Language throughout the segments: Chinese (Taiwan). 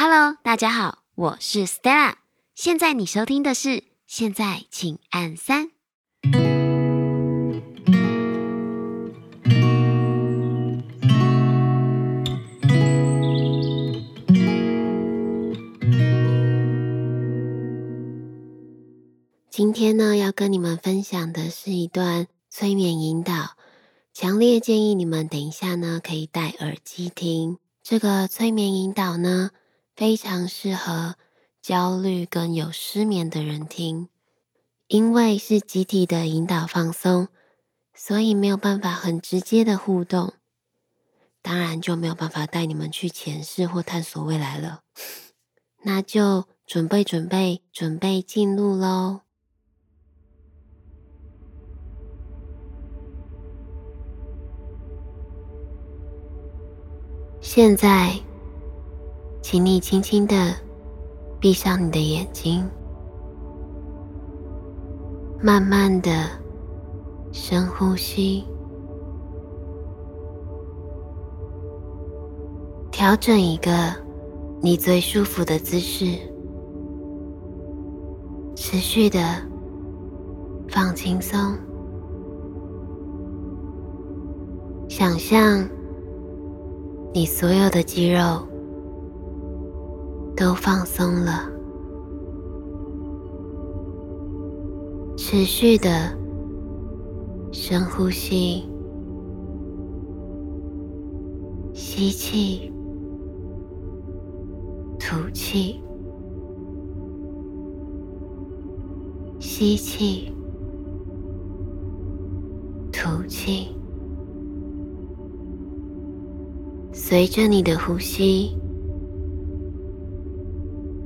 Hello，大家好，我是 Stella。現在你收聽的是，現在請按三。今天呢，要跟你們分享的是一段催眠引導，強烈建議你們等一下呢，可以戴耳機聽這個催眠引導呢。非常適合焦慮跟有失眠的人聽，因為是集體的引導放鬆，所以沒有辦法很直接的互動，當然就沒有辦法帶你們去前世或探索未來了。那就準備準備準備進入囉，現在。請你輕輕的閉上你的眼睛，慢慢的深呼吸，調整一個你最舒服的姿勢，持續的放輕鬆，想象你所有的肌肉。都放鬆了，持續的深呼吸，吸氣，吐氣，吸氣，吐氣，隨着你的呼吸。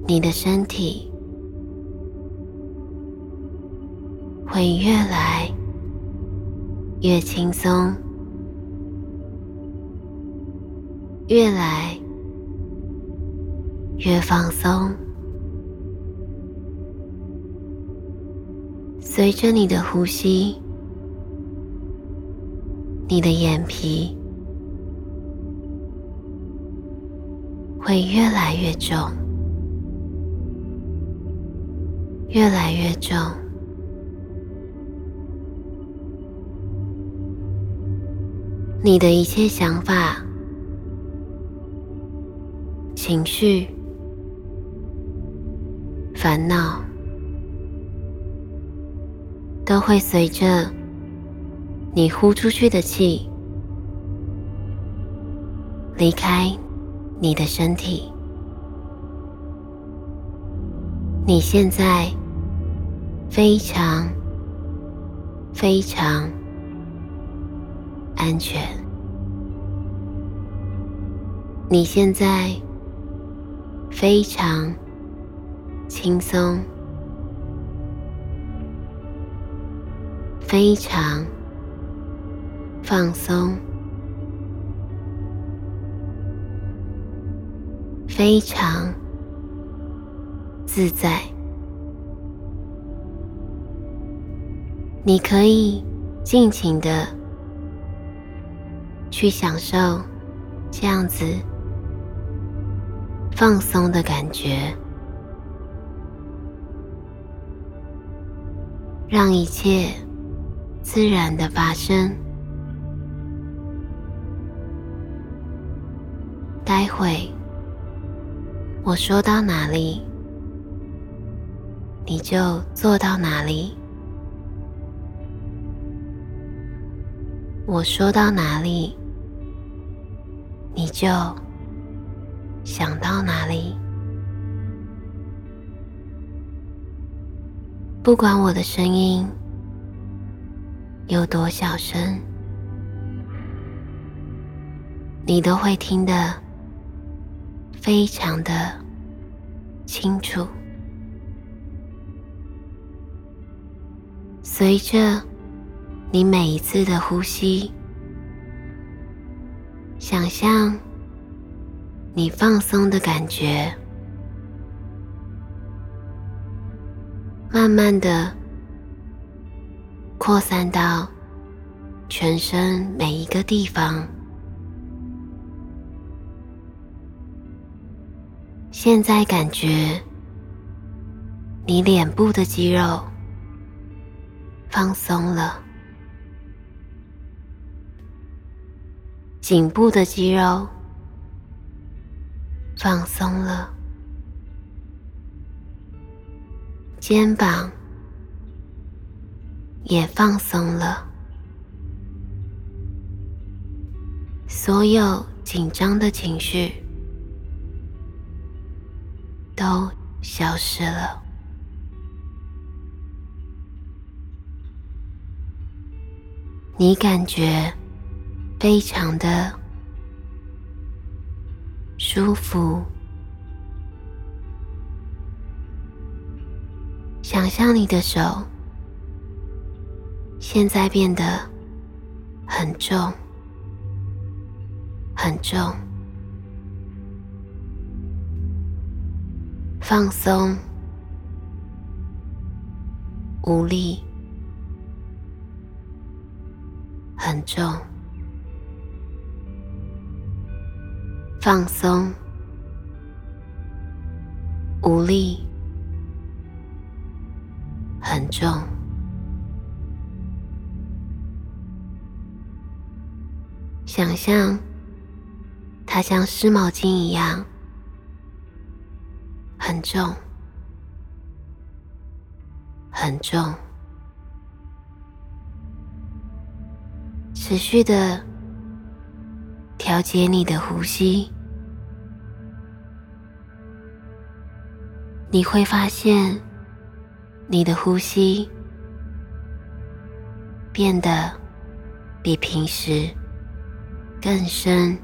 你的身體會越來越輕鬆，越來越放鬆。隨着你的呼吸，你的眼皮會越來越重。越來越重，你的一切想法、情緒、煩惱，都會隨着你呼出去的氣離開你的身體。你現在。非常非常安全，你現在非常輕鬆，非常放鬆，非常自在。你可以盡情的去享受這樣子放鬆的感覺，讓一切自然的發生。待會我說到哪裡，你就做到哪裡。我說到哪裡，你就想到哪裡。不管我的聲音有多小聲，你都會聽得非常的清楚。隨着，你每一次的呼吸，想象你放鬆的感覺，慢慢的擴散到全身每一個地方。現在感覺你臉部的肌肉放鬆了。頸部的肌肉放鬆了，肩膀也放鬆了，所有緊張的情緒都消失了。你感覺非常的舒服。想象你的手現在變得很重，很重，放鬆，無力，很重。放鬆，無力，很重。想象它像濕毛巾一樣，很重，很重。持續地調節你的呼吸。你會發現，你的呼吸變得比平時更深、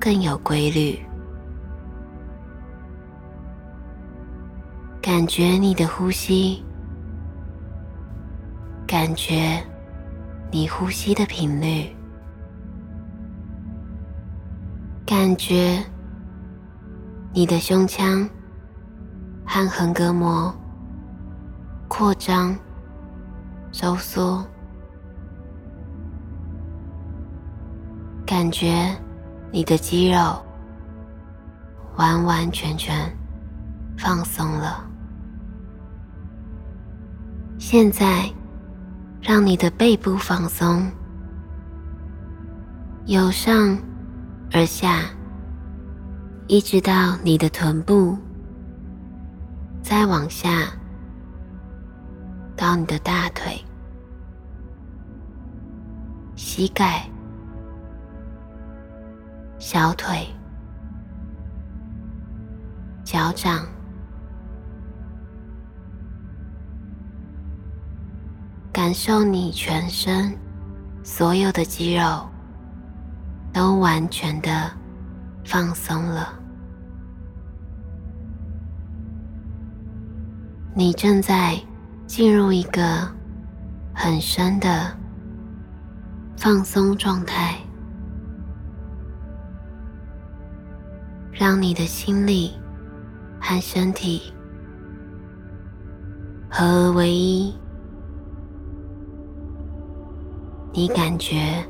更有規律。感覺你的呼吸，感覺你呼吸的頻率，感覺你的胸腔。看橫膈膜擴張、收縮，感覺你的肌肉完完全全放鬆了。現在，讓你的背部放鬆，由上而下，一直到你的臀部。再往下，到你的大腿、膝蓋、小腿、腳掌，感受你全身所有的肌肉都完全的放鬆了。你正在進入一個很深的放鬆狀態，讓你的心理和身體合而為一。你感覺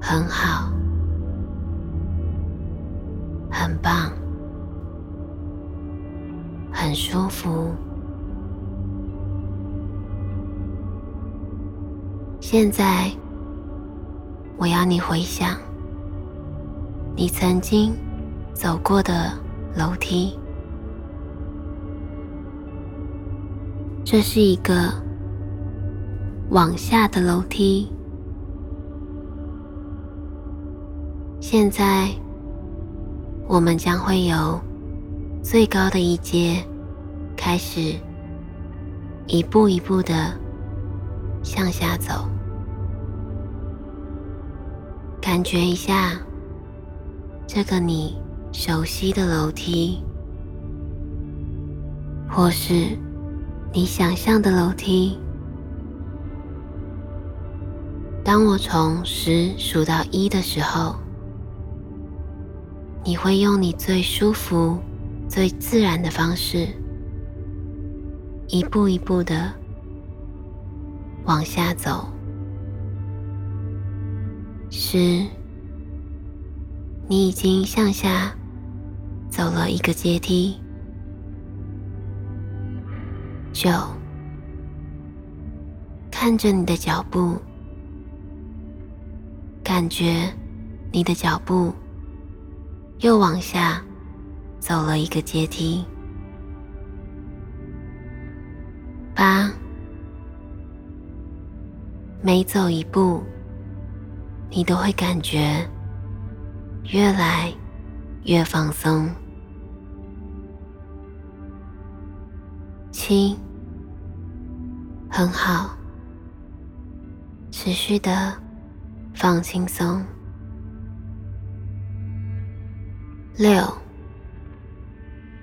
很好，很棒，很舒服。現在，我要你回想你曾經走過的樓梯。這是一個往下的樓梯。現在，我們將會由最高的一階開始一步一步的向下走。感覺一下，這個你熟悉的樓梯，或是你想象的樓梯。當我從十數到一的時候，你會用你最舒服、最自然的方式，一步一步地往下走。十，你已經向下走了一個階梯。九，看着你的腳步，感覺你的腳步又往下走了一個階梯。八，每走一步，你都會感覺越來越放鬆。七，很好，持續的放輕鬆。六，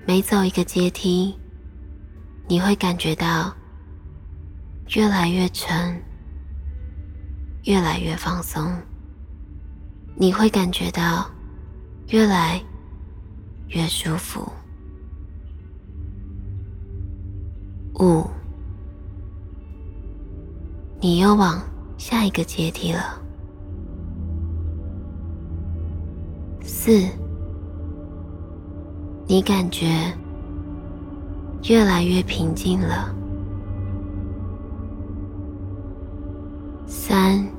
每走一個階梯，你會感覺到越來越沉，越來越放鬆。你會感覺到越來越舒服。五，你又往下一個階梯了。四，你感覺越來越平靜了。三。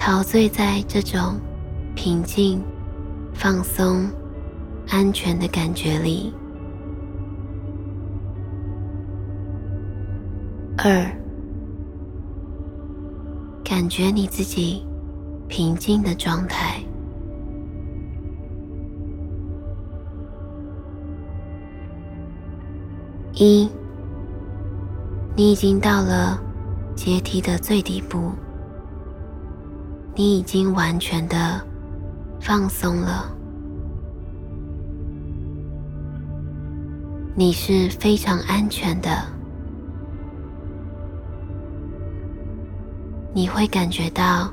陶醉在這種平靜、放鬆、安全的感覺裡。二，感覺你自己平靜的狀態。一，你已經到了階梯的最底部。你已經完全的放鬆了，你是非常安全的，你會感覺到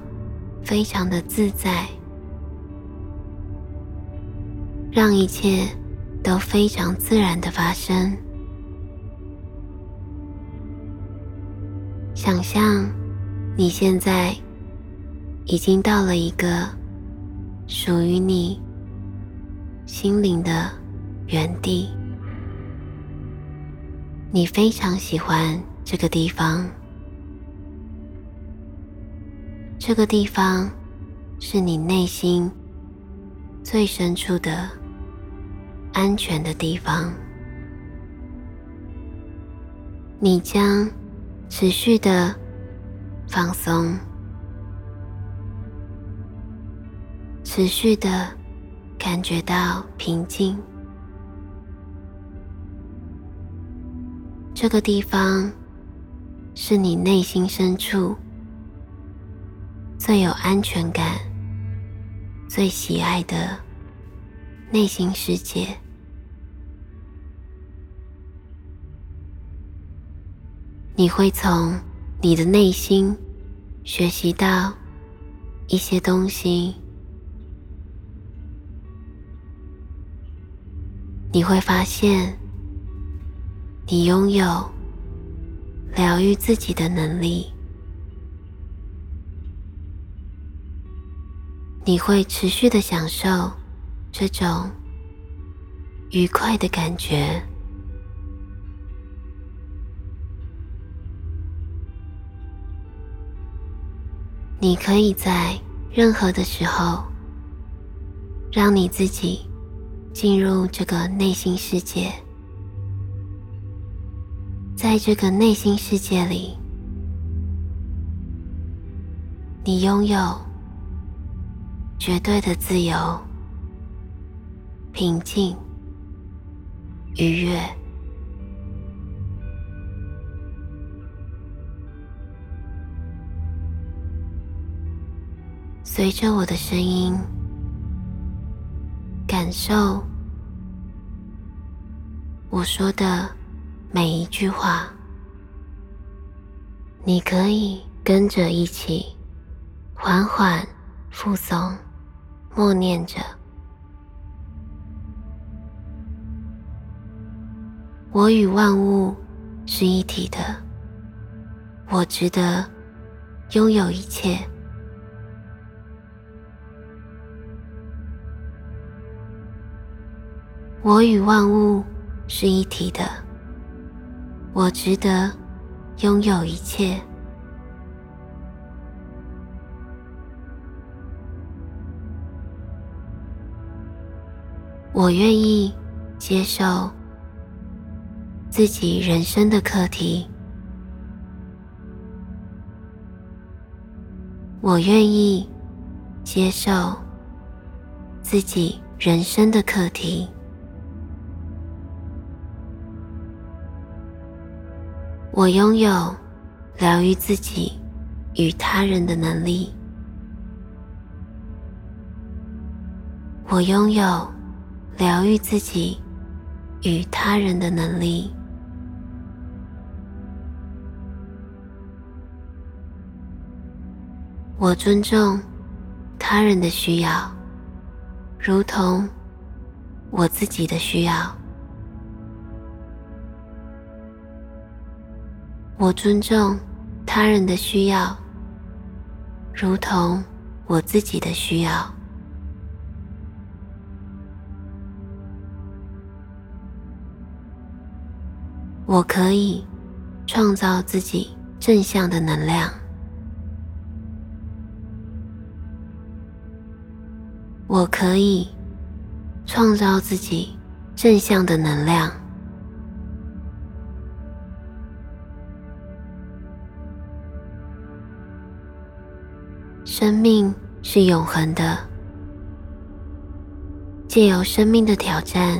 非常的自在，讓一切都非常自然的發生。想象你現在。已經到了一個屬於你心靈的原地，你非常喜歡這個地方。這個地方是你內心最深處的安全的地方，你將持續的放鬆。持續地感覺到平靜。這個地方是你內心深處最有安全感、最喜愛的內心世界。你會從你的內心學習到一些東西。你會發現，你擁有療癒自己的能力。你會持續的享受這種愉快的感覺。你可以在任何的時候，讓你自己。進入這個內心世界，在這個內心世界裡，你擁有絕對的自由、平靜、愉悅。隨着我的聲音。感受我說的每一句話，你可以跟着一起緩緩複誦，默念着：“我與萬物是一體的，我值得擁有一切。”我與萬物是一體的。我值得擁有一切。我願意接受自己人生的課題。我願意接受自己人生的課題。我擁有療癒自己與他人的能力。我擁有療癒自己與他人的能力。我尊重他人的需要，如同我自己的需要。我尊重他人的需要，如同我自己的需要。我可以創造自己正向的能量。我可以創造自己正向的能量。生命是永恆的。借由生命的挑戰，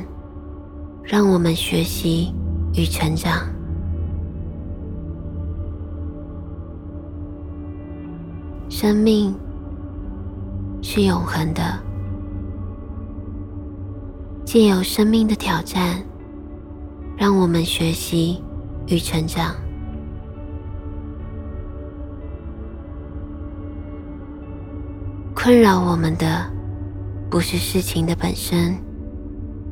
讓我們學習與成長。生命是永恆的。借由生命的挑戰，讓我們學習與成長。困擾我們的不是事情的本身，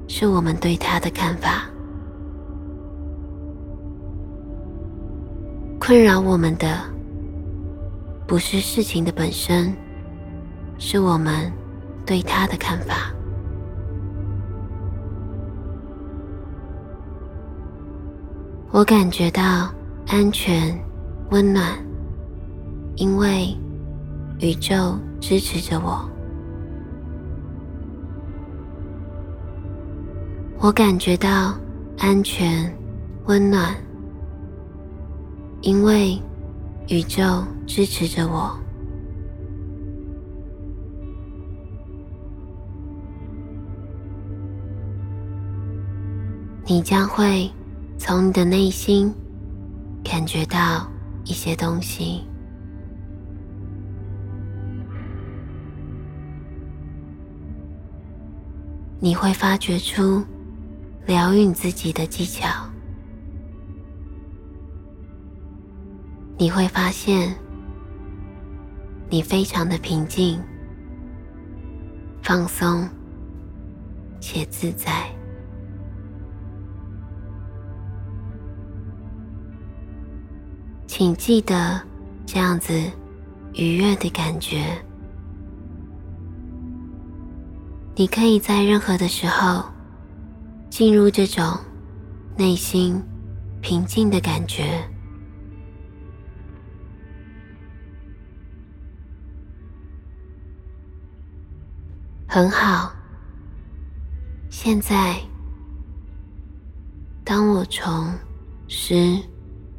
是我們對它的看法。困擾我們的不是事情的本身，是我們對它的看法。我感覺到安全、溫暖，因為宇宙支持着我，我感覺到安全、溫暖，因為宇宙支持着我。你將會從你的內心感覺到一些東西。你會發掘出療癒自己的技巧，你會發現你非常的平靜、放鬆且自在，請記得這樣子愉悅的感覺。你可以在任何的時候進入這種內心平靜的感覺，很好。現在，當我從十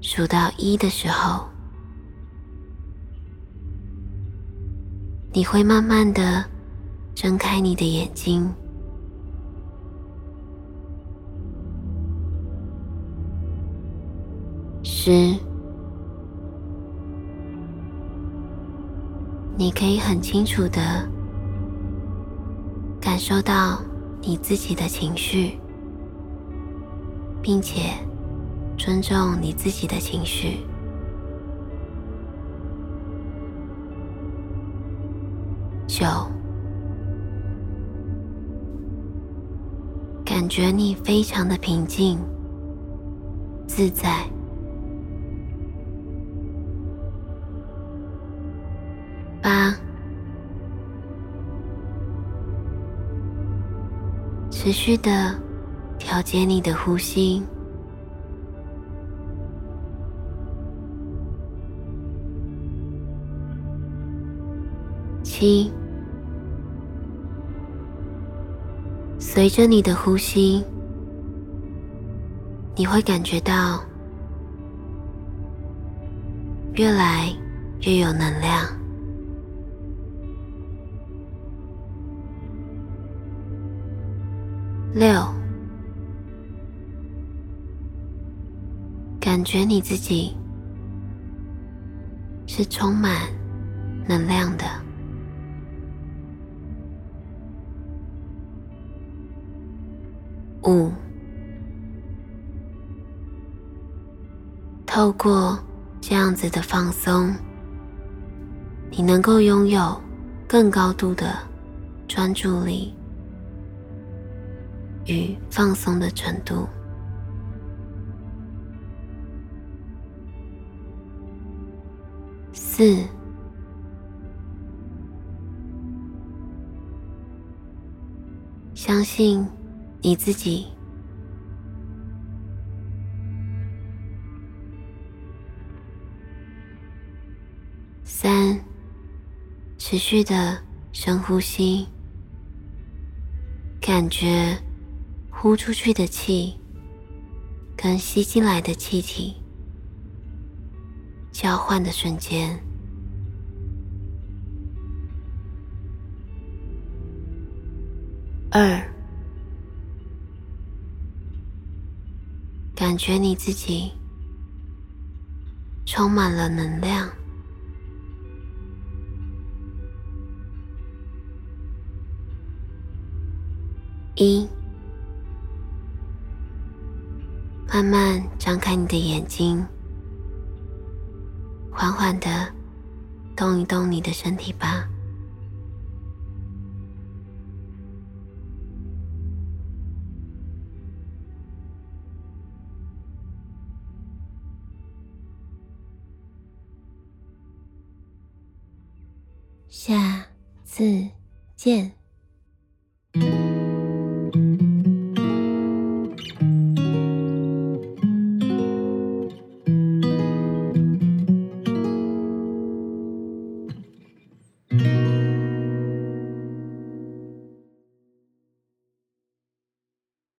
數到一的時候，你會慢慢的。睜開你的眼睛。十。你可以很清楚的感受到你自己的情緒，並且尊重你自己的情緒。九。感覺你非常的平靜、自在。八，持續的調節你的呼吸。七。隨着你的呼吸，你會感覺到越來越有能量。六，感覺你自己是充滿能量的。五，透過這樣子的放鬆，你能夠擁有更高度的專注力與放鬆的程度。四，相信。你自己。三，持續的深呼吸，感覺呼出去的氣跟吸進來的氣體交換的瞬間。感覺你自己充滿了能量。一，慢慢張開你的眼睛，緩緩的動一動你的身體吧。